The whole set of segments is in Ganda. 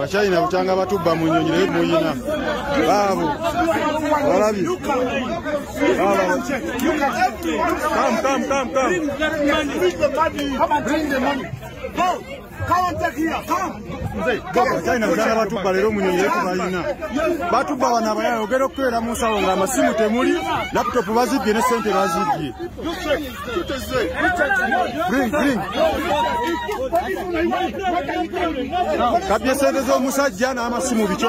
abacyaina bucanga batubba mu nyonyi naye muyina baabo balabye kaina zala batubalero munyonyireko balina batuba bana bayayogera okukwera munsawo nga amasimu temuli laputopu bazibye ne sente bazibye kabye sente z'omusajja n'amasimu bicyo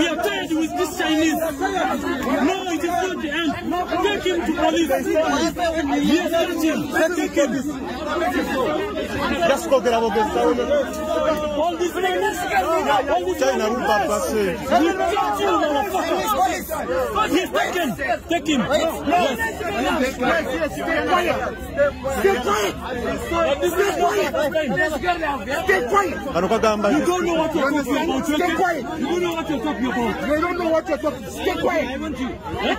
We are tired with this Chinese. No, it is not the end. Take him to police. Yes, take him. Take him. Let's go get our guns. All these niggas, all these China take him. Take him. stay quiet. Stay quiet. Stay quiet. Stay quiet. You don't know what you're talking about. Stay quiet. You don't know what you're talking about. You don't know what you're talking about. Stay quiet.